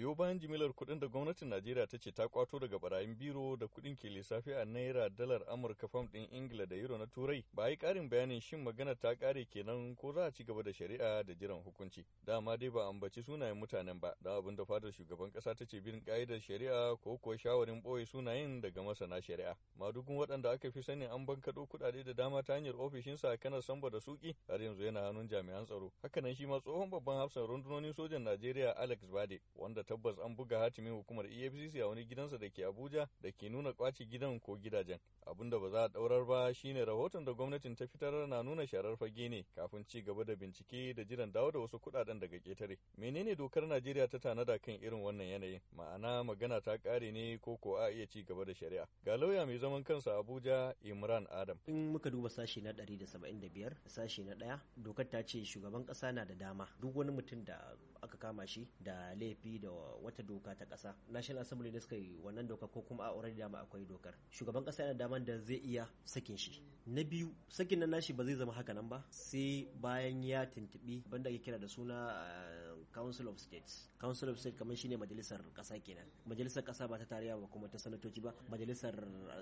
biyo bayan jimilar kudin da gwamnatin Najeriya ta ce ta kwato daga barayin biro da kudin ke lissafi a naira dalar Amurka fam din Ingila da euro na Turai ba yi karin bayanin shin magana ta kare kenan ko za a ci gaba da shari'a da jiran hukunci dama dai ba ambaci sunayen mutanen ba da abin da fadar shugaban kasa ta ce bin ka'idar shari'a ko kuwa shawarin boye sunayen daga masana shari'a madugun waɗanda aka fi sani an bankaɗo kuɗaɗe da dama ta hanyar ofishin sa kanar samba da suki har yanzu yana hannun jami'an tsaro hakanan shi ma tsohon babban hafsan rundunonin sojan Najeriya Alex Bade wanda tabbas an buga hatimin hukumar EFCC a wani gidansa da ke Abuja da ke nuna kwaci gidan ko gidajen. Abin da ba za a daurar ba shine rahoton da gwamnatin ta fitar na nuna sharar fage ne kafin ci gaba da bincike da jiran dawo da wasu kudaden daga ketare. Menene dokar Najeriya ta tanada kan irin wannan yanayin? Ma'ana magana ta kare ne ko ko a iya ci gaba da shari'a. Ga lauya mai zaman kansa Abuja Imran Adam. In muka duba sashi na ɗari da da saba'in 175 sashi na ɗaya dokar ta ce shugaban ƙasa na da dama duk wani mutum da aka kama shi da laifi da wata doka ta ƙasa national assembly ne suka yi wannan doka ko kuma a already dama akwai dokar shugaban ƙasa yana daman da zai iya sakin shi na biyu sakin nan nashi ba zai zama haka nan ba sai bayan ya tuntubi banda ake kira da suna eh, council of states council of states kamar shine majalisar kasa kenan majalisar kasa ba ta tarayya ba kuma ta sanatoci ba majalisar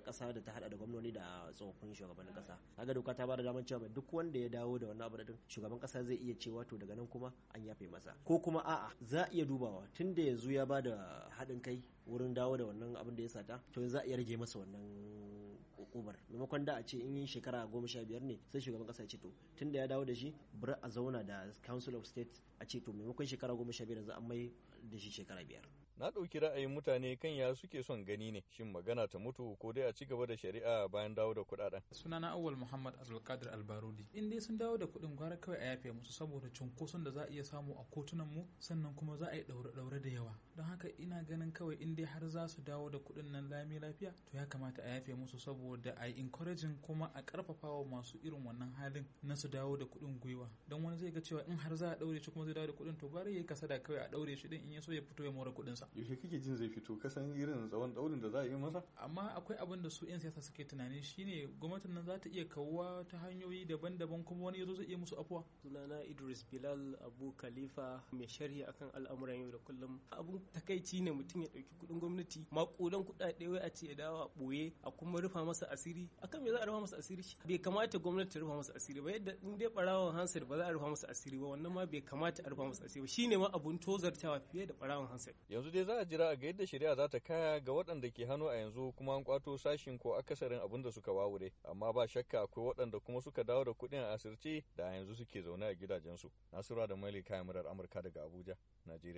kasa da ta hada da gwamnoni da tsofaffin shugabannin kasa kaga doka ta bada damar cewa duk wanda ya dawo da wannan abu din shugaban kasa zai iya cewa to daga nan kuma an yafe masa ko kuma a'a za a iya dubawa tunda yanzu ya bada haɗin kai wurin dawo da wannan abin da ya sata to za a iya rage masa wannan hukumar maimakon da a ce in yi shekara goma sha biyar ne sai shugaban kasa ya ce to tun da ya dawo da shi bari a zauna da council of state a ce to maimakon shekara goma sha biyar za a mai da shi shekara biyar na ɗauki ra'ayin mutane kan ya suke son gani ne shin magana ta mutu ko dai a ci gaba da shari'a bayan dawo da kuɗaɗen. sunana awal muhammad abdulkadir albarudi in dai sun dawo da kuɗin gwara kawai a yafe musu saboda cunkoson da za a iya samu a kotunan mu sannan kuma za a yi ɗaure-ɗaure da yawa don haka ina ganin kawai in dai har za su dawo da kuɗin nan lami lafiya to ya kamata a yafe musu saboda a yi encouraging kuma a ƙarfafa wa masu irin wannan halin na su dawo da kuɗin gwiwa don wani zai ga cewa in har za a ɗaure shi kuma zai dawo da kuɗin to bari ya yi kasada kawai a ɗaure shi ɗin in ya so ya fito ya more kuɗinsa. yaushe kake jin zai fito kasan irin tsawon daurin da za a yi masa amma akwai abin da su yan siyasa suke tunanin shine gwamnatin nan za ta iya kawuwa ta hanyoyi daban-daban kuma wani yazo zai iya musu afuwa sunana Idris Bilal Abu Khalifa mai sharhi akan al'amuran yau da kullum abun takaici ne mutum ya dauki kudin gwamnati makudan kudade wai a ce ya dawo a boye a kuma rufa masa asiri akan me za a rufa masa asiri bai kamata gwamnati ta rufa masa asiri ba yadda in dai barawon hansar ba za a rufa masa asiri ba wannan ma bai kamata a rufa masa asiri ba shine ma abun tozartawa fiye da barawon hansar yanzu dai za a jira a ga yadda shari'a za ta kaya ga waɗanda ke hannu a yanzu kuma an kwato sashin ko akasarin abin da suka wawure amma ba shakka akwai waɗanda kuma suka dawo da kuɗin a asirce da a yanzu suke zaune a gidajensu. Nasura da mali kayan murar Amurka daga Abuja, Najeriya.